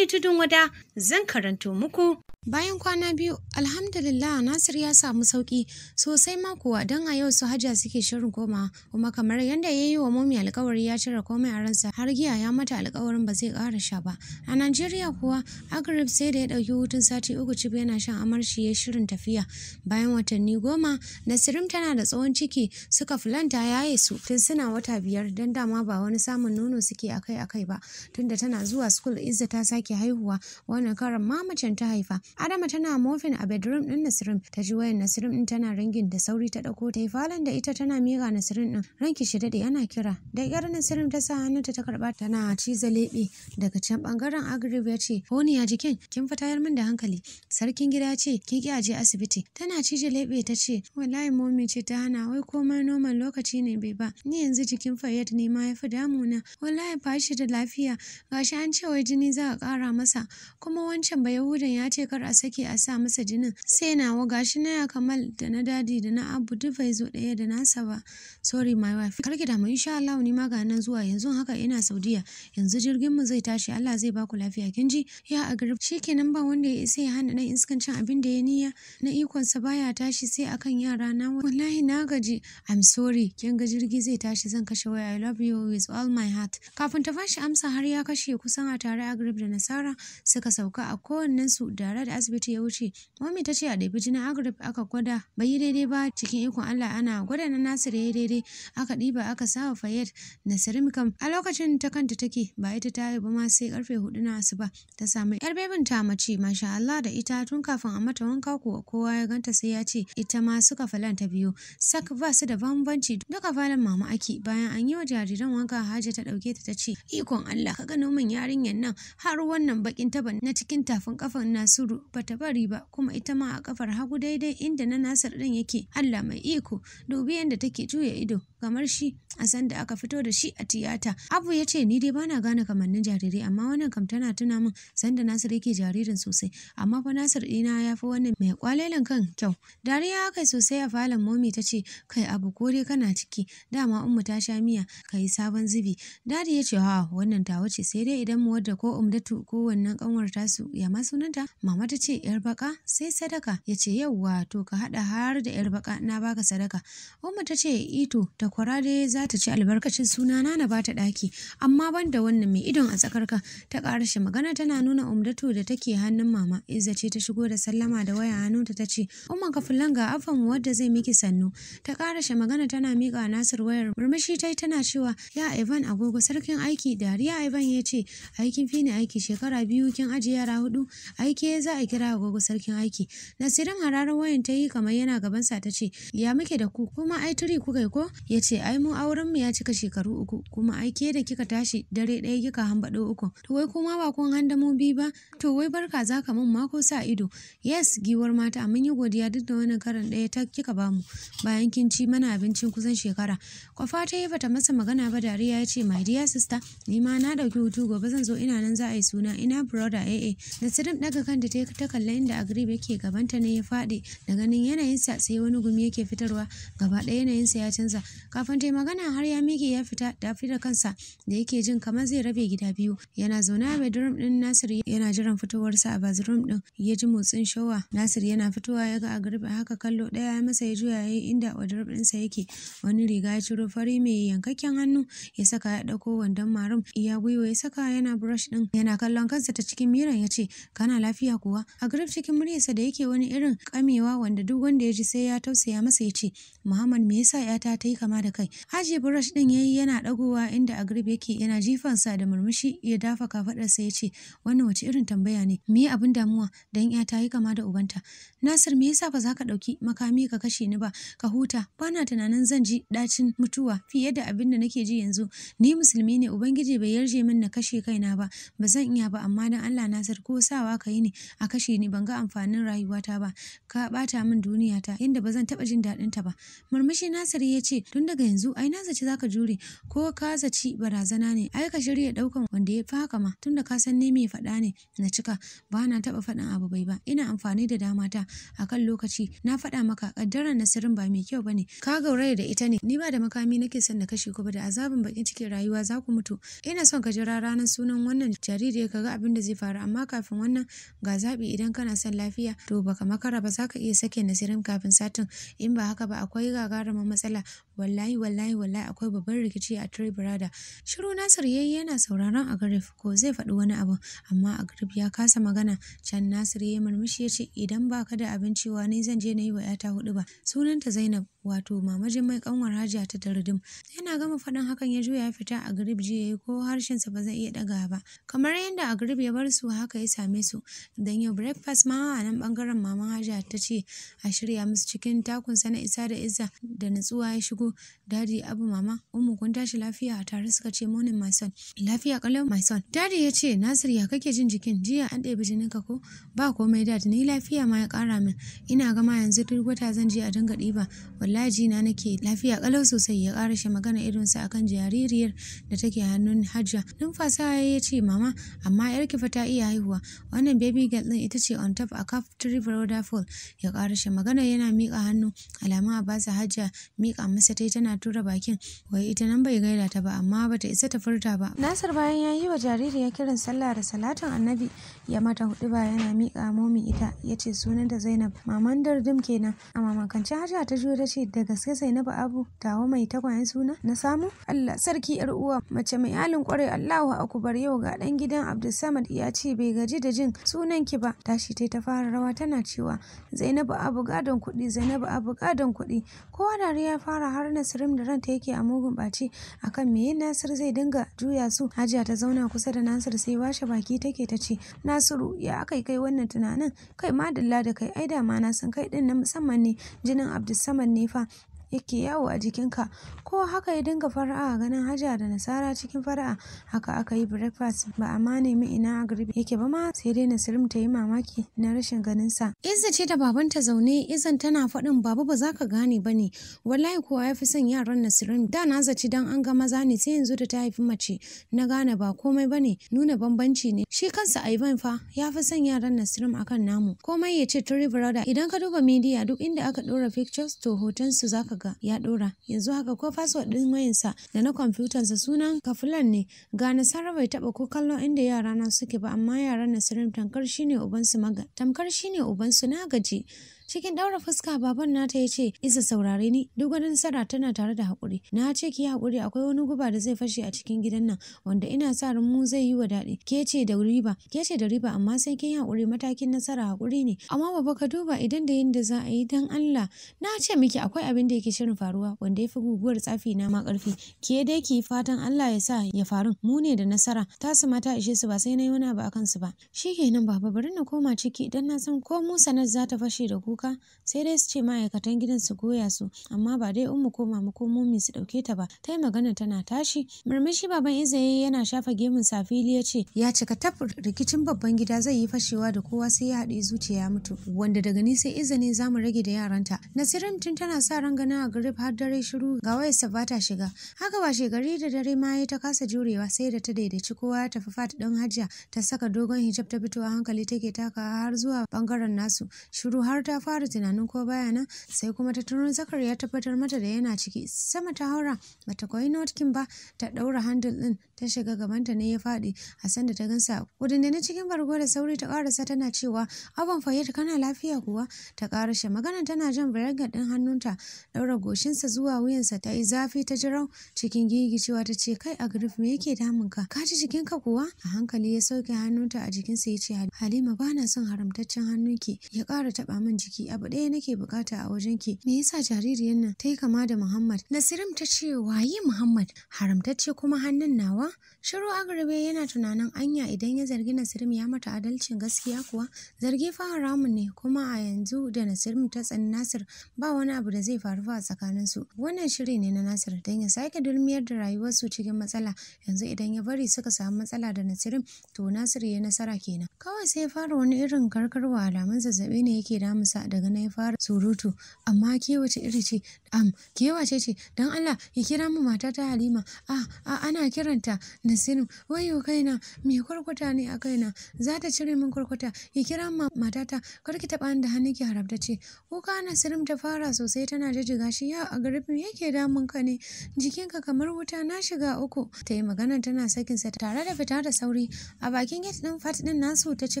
ni tudun wada zan karanto muku Bayan kwana biyu, alhamdulillah Nasir ya samu sauki sosai ma kuwa don a yau su hajja suke shirin koma kuma kamar yadda ya yi wa momi alkawari ya cire komai a ransa har giya ya mata alkawarin ba zai ƙara sha ba. A Najeriya kuwa Agrib sai da ya ɗauki hutun sati uku ci yana shan amarshi ya shirin tafiya. Bayan watanni goma, Nasirim tana da tsawon ciki suka fulanta yaye su tun suna wata biyar don dama ba wani samun nono suke akai-akai ba tunda tana zuwa school Izza ta sake haihuwa wannan karan mamacin ta haifa Adama tana mofin a bedroom din Nasirin ta ji wayan Nasirin din tana ringin da sauri ta dauko ta yi falon da ita tana mira Nasirin din ranki shi dade ana kira da yar Nasirin ta sa hannunta ta karba tana ciza lebe daga can bangaren Agrib ya ce honi ya jikin kin yar min da hankali sarkin gida ce ki ki aje asibiti tana cije lebe ta ce wallahi mommy ce ta hana wai komai normal lokaci ne bai ba ni yanzu jikin Fayyad ne ma yafi fi na. wallahi ba da lafiya gashi an ce wai jini za a kara masa kuma wancan bayahudan ya ce kar a sake a sa masa jinin sai nawa gashi na ya kamal da na dadi da na abu duk bai zo ɗaya da nasa ba sorry my wife karki da mu insha Allah ni ma ga nan zuwa yanzu haka ina Saudiya yanzu jirgin mu zai tashi Allah zai baku lafiya kin ji ya agrib shikenan ba wanda ya isa ya hana dan sukan cin abin da ya niya na ikon sa baya tashi sai akan yara na wallahi na gaji I'm sorry kin ga jirgi zai tashi zan kashe waya I love you with all my heart kafin ta fashi amsa har ya kashe kusan a tare agrib da Nasara suka sauka a kowannen su da da asibiti ya wuce mami ta ce a ɗabi jinin agrip aka gwada bai yi daidai ba cikin ikon allah ana gwada na nasir ya yi daidai aka ɗiba aka sawa fayet na sirimkam a lokacin ta kanta take ba ita ta yi ba ma sai karfe hudu na asuba ta samu yar bebin ta mace masha allah da ita tun kafin a mata wanka kuwa kowa ya ganta sai ya ce ita ma suka falan ta biyu sak ba su da bambanci duka falan mama ake bayan an yi wa jariran wanka haja ta dauke ta ta ce ikon allah ka ga nomin yarinyar nan har wannan bakin taban na cikin tafin kafan nasiru Nasiru bata bari ba kuma ita ma a kafar hagu daidai inda na Nasir ɗin yake Allah mai iko dubi yadda take juya ido kamar shi a sanda aka fito da shi a tiyata. Abu ya ce ni dai bana gane kamannin jarirai amma wannan kam tana tuna min sanda Nasir yake jaririn sosai amma fa Nasir ɗina ya fi wannan mai kwalelan kan kyau. Dariya kai sosai a falon momi ta ce kai abu ko dai kana ciki dama Umma ta sha miya kai sabon zubi. Dadi ya ce ha wannan ta wuce. sai dai idan mu wadda ko umdatu ko wannan kanwar su ya ma sunanta mama ta ce yar baka sai sadaka ya ce yauwa to ka haɗa har da yar baka na baka sadaka. umu ta ce ito ta da dai za ta ci albarkacin sunana na bata ɗaki amma ban da wannan mai idon a tsakarka ta karashe magana tana nuna umdatu da take hannun mama izza ce ta shigo da sallama da waya hannunta ta ce ka fulan ga afan wadda zai miki sannu ta karashe magana tana miƙa nasir wayar murmushi tai tana cewa ya ivan agogo sarkin aiki dariya ivan ya ce aikin fini aiki shekara biyu kin aji yara hudu aiki za a kira agogo sarkin aiki nasirin hararar wayan ta yi kamar yana gabansa ta ce ya muke da ku kuma ai turi kai ko ya ce ai mu auren mu ya cika shekaru uku kuma ai ke da kika tashi dare ɗaya kika hambaɗo uku to wai kuma ba kun handamo bi ba to wai barka za ka mun mako sa ido yes giwar mata mun yi godiya duk da wani karan ɗaya ta kika bamu bayan kin ci mana abincin kusan shekara kwafa ta yi bata masa magana ba dariya ya ce my dear sister ni ma na ɗauki hutu gobe zan zo ina nan za a yi suna ina brother aa da sirin ɗaga kanta ta ta kalla inda agrib yake gabanta ne ya faɗi da ganin yanayinsa sai wani gumi yake fitarwa gaba ɗaya yanayinsa ya canza kafin ta magana har ya miƙe ya fita dafi da kansa da yake jin kamar zai rabe gida biyu yana zaune a bedroom din Nasir yana jiran fitowarsa a bathroom din ya ji motsin shawa Nasir yana fitowa ya ga a haka kallo daya ya masa ya juya yayi inda wardrobe sa yake wani riga ya ciro fari mai yankakken hannu ya saka ya ɗauko wandon marum iya gwiwa ya saka yana brush din yana kallon kansa ta cikin miran ya ce kana lafiya kuwa a garib cikin muryarsa da yake wani irin kamewa wanda duk wanda ya ji sai ya tausaya masa ya ce Muhammad me yasa 'yata ta yi kamar girgiza da kai hajiye brush din yayi yana dagowa inda agrib yake yana jifansa da murmushi ya dafa kafadarsa ya ce wannan wace irin tambaya ne me yi abin damuwa dan ya ta yi kama da ubanta nasir me yasa ba za ka dauki makami ka kashe ni ba ka huta bana tunanin zan ji dacin mutuwa fiye da abin da nake ji yanzu ni musulmi ne ubangiji bai yarje min na kashe kaina ba ba zan iya ba amma dan Allah nasir ko sawa ka yi ni a kashe ni ban ga amfanin rayuwata ba ka bata min duniyata inda ba zan taba jin daɗin ta ba murmushi nasir ya ce tun daga yanzu ai na zaci zaka jure ko ka zaci barazana ne ai ka shirya daukan wanda ya fi haka ma tunda ka san ni mai faɗa ne na cika ba na taɓa faɗin abu bai ba ina amfani da dama ta akan lokaci na faɗa maka kaddarar nasirin ba mai kyau bane ka gauraya da ita ne ni ba da makami nake son na kashe ku ba da azabin bakin cikin rayuwa za ku mutu ina son ka jira ranar sunan wannan jariri ka ga abin da zai faru amma kafin wannan ga zaɓi idan kana son lafiya to baka makara ba za ka iya sake nasirin kafin satin in ba haka ba akwai gagarumin matsala wallahi wallahi wallahi akwai babban rikici a tri brada shiru Nasir yayi yana sauraron Agrif ko zai faɗi wani abu amma Agrif ya kasa magana can Nasir yayi murmushi ya ce idan baka da abinci wani zan je na yi wa 'yata hudu ba sunanta Zainab wato Mama mai kanwar Hajiya ta Tardim Yana gama faɗin hakan ya juya ya fita a grib jiya yayi ko harshen harshensa ba zai iya ɗaga ba. Kamar yadda a grib ya bar su haka ya same su. Dan yau breakfast ma a nan bangaren Mama Hajiya ta ce a shirya musu cikin takun na isa da izza da natsuwa ya shigo. Dadi Abu Mama Ummu kun tashi lafiya a tare suka ce morning my son. Lafiya kalau my son. Dadi ya ce Nasir ya kake jin jikin jiya an ɗebi jininka ko? Ba komai dadi ni lafiya ma ya kara min. Ina gama yanzu duk wata zan je a dinga ɗiba. Wallahi wallahi na nake lafiya kalau sosai ya kara karashe magana irinsa akan jaririyar da take hannun hajja numfasa ya ce mama amma yarki fa ta iya haihuwa wannan baby girl din ita ce on top a cup three brother fall ya karashe magana yana mika hannu alamun a basa hajja mika masa tai tana tura bakin wai ita nan bai gaida ta ba amma ba ta isa ta furta ba nasir bayan ya yi wa jaririyar kirin sallah da salatin annabi ya mata hudu ba yana mika momi ita yace ce sunan da zainab maman dardim kenan a mamakance hajja ta juyo ta ce da gaske Zainabu Abu tawo mai tagwayen suna na samu? Allah sarki yar uwa mace mai alin kwarai Allahu akubar yau ga dan gidan Abdulsamad ya ce bai gaji da jin sunan ki ba tashi tai ta fara rawa tana cewa Zainabu Abu gadon kuɗi Zainabu Abu gadon kuɗi kowa dariya ya fara har Nasirim da ranta yake a mugun ɓaci akan me Nasir zai dinga juya su Hajiya ta zauna kusa da Nasir sai washe baki take ta ce Nasiru ya akai kai wannan tunanin kai madalla da kai Aida ma na san kai din na musamman ne jinin Abdulsamad ne пространства yake yawo a jikinka. ko haka ya dinga fara'a a ganin Hajiya da Nasara cikin fara'a. Haka aka yi breakfast ba a ma nemi ina Agribi yake ba ma sai dai Nasirim ta yi mamaki na rashin ganin sa. Izza ce da babanta zaune izan tana faɗin baba ba za ka gane ba ne. Wallahi kowa ya fi son yaran Nasirim da na zaci dan an ga maza ne sai yanzu da ta haifi mace na gane ba komai ba ne nuna bambanci ne. Shi kansa Ivan fa ya fi son yaran Nasirim akan namu. Komai ya ce Turi Brother idan ka duba media duk inda aka ɗora pictures to hoton su za ka ya dora yanzu haka ko password ɗin wayansa da na kwamfutansa sunan kafulan ne ga nasara bai taɓa ko kallon inda yara na suke ba amma yaran nasirin tamkar shine su maga tamkar shine ubansu na gaji Cikin ɗaura fuska baban nata ya ce, isa saurare ni, duk wani nasara tana tare da haƙuri. Na ce ki haƙuri akwai wani guba da zai fashe a cikin gidan nan wanda ina sa ran mu zai yi wa daɗi. Ke ce da riba, ke ce da riba amma sai kin haƙuri matakin nasara haƙuri ne. Amma baba ka duba idan da yin da za a yi dan Allah. Na ce miki akwai abin da yake shirin faruwa wanda ya fi guguwar tsafi na ma ƙarfi. Ke dai ki fatan Allah ya sa ya faru mu ne da nasara. Tasu mata ishe su ba sai na yi wani abu akan su ba. Shikenan baba bari na koma ciki idan na san ko mu sanar za ta fashe da ku kuka sai dai su ce ma'aikatan gidan su goya su amma ba dai ummu ko mama ko mummi su dauke ta ba ta yi magana tana tashi murmushi baban izaye yana shafa gemun safili ya ce ya cika tab rikicin babban gida zai yi fashewa da kowa sai ya haɗe zuciya ya mutu wanda daga ni sai izini za mu rage da yaranta nasirin tun tana sa ran gana a garib har dare shiru ga wayarsa ba ta shiga haka ba shegari da dare ma ya ta kasa jurewa sai da ta daidaici kowa ya tafi fata ɗan hajiya ta saka dogon hijab ta fito a hankali take takawa har zuwa bangaren nasu shiru har ta fara tunanin ko baya nan sai kuma ta turo zakar ya tabbatar mata da yana ciki sama ta haura bata koyi notkin ba ta daura handle din ta shiga gabanta ne ya faɗi a sanda ta gansa kudin na cikin bargo da sauri ta karasa tana cewa abon fayyata kana lafiya kuwa ta karashe magana tana jan biragar din hannunta daura goshinsa zuwa wuyansa ta yi zafi ta jirau cikin gigicewa ta ce kai a grif me yake damun ka ka ji jikinka kuwa a hankali ya sauke hannunta a jikinsa ya ce halima ba na son haramtaccen hannunki ya kara taɓa min jiki ki abu ɗaya nake bukata a wajen ki me yasa jaririyar nan ta yi kama da Muhammad Nasirim ta ce waye Muhammad haramtacce kuma hannun nawa Shiru Agrabe yana tunanin anya idan ya zargi Nasirim ya mata adalcin gaskiya kuwa zargi fa haramun ne kuma a yanzu da Nasirim ta tsani Nasir ba wani abu da zai faru a tsakanin su wannan shiri ne na Nasir don ya sake dulmiyar da rayuwarsu cikin matsala yanzu idan ya bari suka samu matsala da Nasirim to Nasir ya nasara kenan kawai sai ya fara wani irin karkarwa alamun zazzabi ne yake damusa daga na ya fara surutu amma ke wace iri ce am ke wace ce don Allah ya kira mu mata ta Halima a a ana kiranta Nasiru wayo kaina me kwarkwata ne a kaina za ta cire min kwarkwata ya kira mu matata kar ki taba da hannu ki harabta ce kuka Nasiru ta fara sosai tana jijjiga shi ya a ya yake damun ka ne jikinka kamar wuta na shiga uku ta yi magana tana sa tare da fita da sauri a bakin gate din fat din nasu ta ci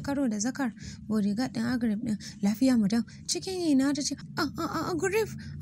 karo da zakar bodyguard din agrib din lafiya mu dan cikin yana ta ce a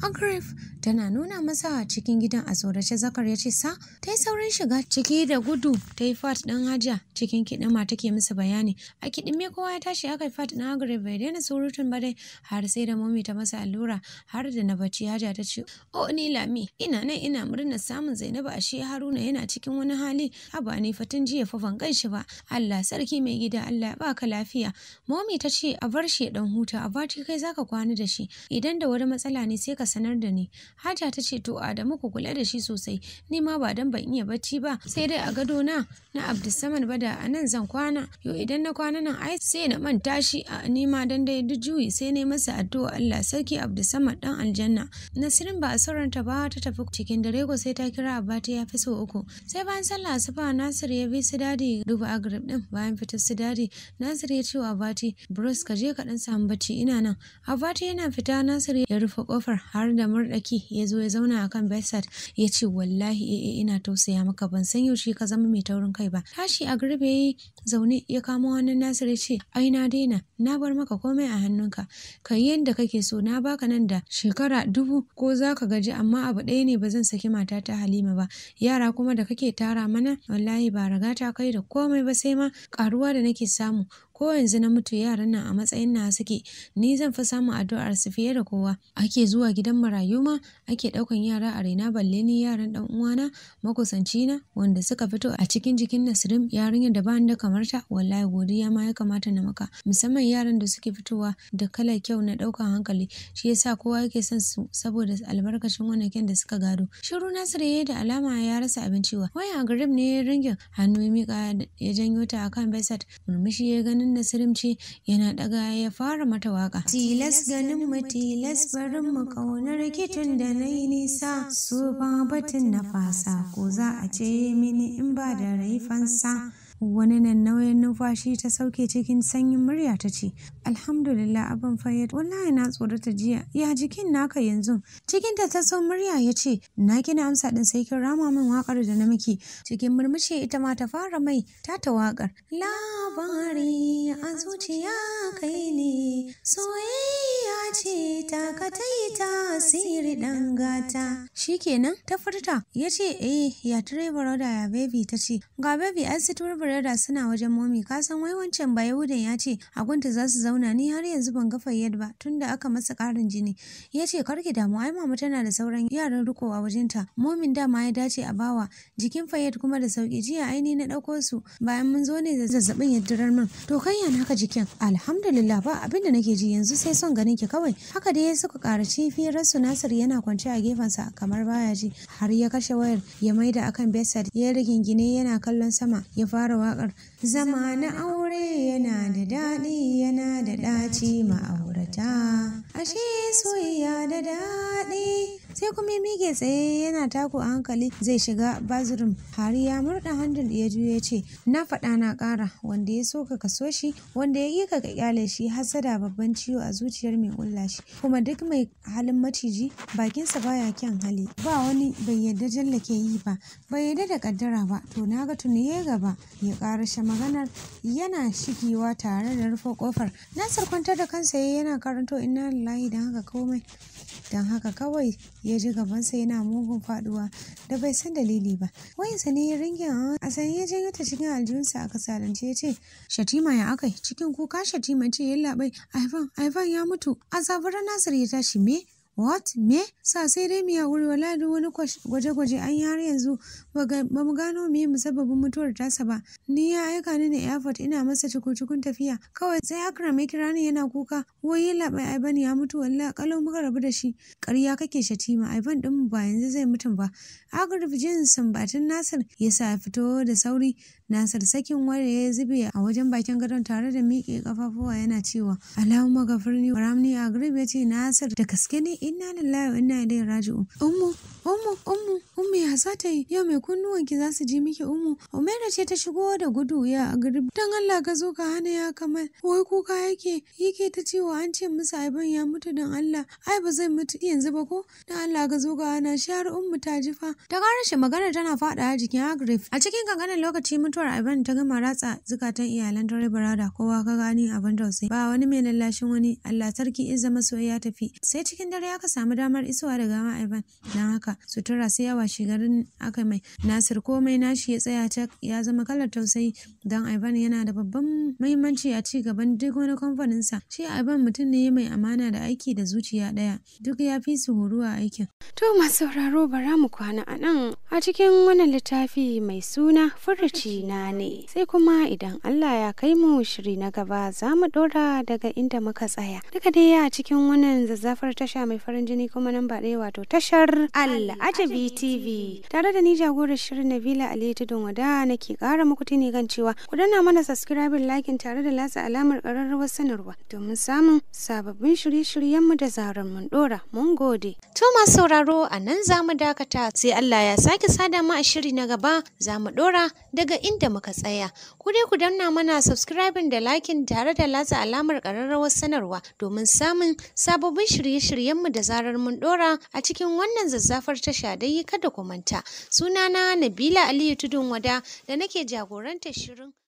agrif tana nuna masa cikin gidan a tsorace zakar ya ce sa ta yi saurin shiga ciki da gudu ta yi fat ɗin hajiya cikin kiɗima take musu bayani a kiɗime kowa ya tashi aka yi fat ɗan agrif bai daina surutun ba dai har sai da momi ta masa allura har da na bacci hajiya ta ce o ni lami ina nan ina murnar samun zainabu a ashe haruna yana cikin wani hali haba ne fatin jiya fa ban ganshi ba Allah sarki mai gida Allah ya baka lafiya momi ta ce a bar shi ya ɗan huta a shi kai za ka kwana da shi idan da wani matsala ne sai ka sanar da ni haja ta ce to adamu ku kula da shi sosai ni ma ba dan ban iya bacci ba sai dai a gado na na ba bada a nan zan kwana yo idan na kwana nan ai sai na manta shi a ni ma dan dai duk juyi sai na masa addu'a Allah sarki abdulsamad dan aljanna nasirin ba a sauranta ba ta tafi cikin dare ko sai ta kira abba ta ya fi so uku sai bayan sallah asuba nasir ya bi su dadi duba agrib din bayan fitar su dadi nasir ya ce wa abati bros ka je ka dan samu bacci ina nan Abacha yana fita Nasir ya rufe kofar har da murɗaki ya zo ya zauna a kan bedside ya ce wallahi e ina tausaya maka ban san yaushe ka zama mai taurin kai ba. Tashi a garbe ya zaune ya kamo wannan Nasir ya ce ai na daina na bar maka komai a hannunka ka yi yadda kake so na baka nan da shekara dubu ko zaka gaji amma abu ɗaya ne ba zan saki ta Halima ba yara kuma da kake tara mana wallahi ba ragata kai da komai ba sai ma karuwa da nake samu ko yanzu na mutu yaran nan a matsayin na suke ni zan fi samun addu'ar su fiye da kowa ake zuwa gidan marayu ma ake ɗaukan yara a raina balle ni yaran dan uwana makusanci na wanda suka fito a cikin jikin Nasirim yarinyar da bani da kamar ta wallahi godiya ma ya kamata na maka musamman yaran da suke fitowa da kalar kyau na ɗaukan hankali shi yasa kowa yake son su saboda albarkacin wannan kyan da suka gado shiru Nasiru ya da alama ya rasa abinciwa. wa a garib ne ringin hannu ya mika ya janyo ta akan Besat murmushi ya gani ganin na sirimci yana daga ya fara mata waka. Tilas ganin mu tilas barin mu kaunar kitun da na yi nisa su ba batun na fasa ko za a ce mini in ba da raifansa. Wani nauyin numfashi ta sauke cikin sanyin murya ta ce, Alhamdulillah abin fayyad, wallahi na tsorata jiya, ya jikin naka yanzu. Cikinta ta taso murya ya ce, na kina amsa din sai kin rama min waƙar da na miki. Cikin murmushi ita ma ta fara mai ta waƙar. Labari a zuciya kai ne, soyayya ce ta ka ta yi tasiri dan gata. Shi kenan ta furta, ya ce, eh, ya direba baroda ya bebi ta ce, ga bebi an situr Breda suna wajen momi ka san wai wancan ba Yahudan ya ce a gunta za su zauna ni har yanzu ban ga fayyad ba tunda aka masa ƙarin jini. Ya ce ki damu ai mama tana da sauran yaran riko a wajenta. Momin dama ya dace a bawa jikin fayyad kuma da sauki jiya aini na ɗauko su bayan mun zo ne da zazzabin ya durar min. To kai ya naka jikin alhamdulillah ba abin da nake ji yanzu sai son ganin ki kawai. Haka dai ya suka ƙaraci rasu Nasir yana kwance a gefensa kamar baya ji har ya kashe wayar ya maida akan bedside ya rigingine yana kallon sama ya fara waƙar zama na aure yana da daɗi yana da ɗaci ma'aurata ashe soyayya da daɗi sai kuma ya mike tsaye yana taku a hankali zai shiga bazirin hari ya murda handul ya juyo ya ce na faɗa na ƙara wanda ya so ka kaso shi wanda ya yi ka ƙyale shi hasada babban ciwo a zuciyar mai ƙulla shi kuma duk mai halin maciji bakinsa baya kyan hali ba wani bai yadda jalla ke yi ba bai yadda da kaddara ba to na ga tuni ya gaba ya ƙarashe maganar yana shigewa tare da rufe ƙofar na kwantar da kansa yana karanto inna wallahi don haka komai don haka kawai ya ji gabansa yana mugun faduwa da bai san dalili ba wayansa ne ya ringe a sanye ya janyo ta cikin aljihunsa a kasalance ya ce shatima ya akai cikin kuka shatima ce ya labai aifan aifan ya mutu a zaburar nasir ya tashi me What? Me? Sa sai dai miya wuri wala da wani gwaje-gwaje an yi har yanzu ba mu gano me musabbabin mutuwar tasa ba. Ni ya aika ni ne airport ina masa cikin tafiya. Kawai sai akra mai kira ni yana kuka. Wai ya labai Aiban ya mutu wallahi kalau muka rabu da shi. Ƙarya kake shatima Aiban din ba yanzu zai mutu ba. Agrif jin sambatin Nasir ya sa fito da sauri. Nasir sakin ware ya zube a wajen bakin gadon tare da miƙe kafafuwa yana cewa Allahumma gafirni wa ramni Agrif ya ce Nasir da gaske ne inna lillahi wa inna ilaihi raji'un ummu ummu ummu ummu ya za ta yi yau mai kunnuwan ki za su ji miki ummu umaira ce ta shigo da gudu ya a garib dan Allah ka zo ka hana ya kamar wai kuka yake yake ta cewa an ce musu aiban ya mutu dan Allah ai ba zai mutu yanzu ba ko dan Allah ka zo ka hana shi har ummu ta jifa ta shi magana tana fada jikin Agrif a cikin kankanin lokaci mutuwar aiban ta gama ratsa zukatan iyalan dare barada kowa ka gani abin tausayi ba wani mai lallashin wani Allah sarki in zama soyayya tafi sai cikin dare ka samu damar isowa da ma'aifan Ivan don haka sutura sai yawa shigarin aka mai Nasir komai nashi ya tsaya ta ya zama kalar tausayi don Ivan yana da babban mahimmanci a ci gaban duk wani sa shi Ivan mutum ne mai amana da aiki da zuciya daya duk ya fi su horo a aikin. To masu sauraro bara mu kwana a nan a cikin wannan littafi mai suna furuci na ne sai kuma idan Allah ya kai mu shiri na gaba za mu ɗora daga inda muka tsaya. Duka dai a cikin wannan zazzafar tasha mai farin jini kuma nan ba ɗaya wato tashar Al'ajabi TV. Tare da ni jagorar shirin Nabila Ali Tudun Wada nake ƙara muku tuni kan cewa ku danna mana subscribe lakin tare da latsa alamar ƙararrawar sanarwa domin samun sababbin shirye-shiryenmu da zarar mun ɗora. Mun gode. To masu sauraro a nan za mu dakata sai Allah ya sake sada mu a shiri na gaba za mu ɗora daga inda muka tsaya. Ku dai ku danna mana subscribe da lakin tare da latsa alamar ƙararrawar sanarwa domin samun sababbin shirye-shiryenmu da zarar mun dora a cikin wannan zazzafar tasha dai kada ku manta sunana Nabila Aliyu Tudun Wada da nake jagorantar shirin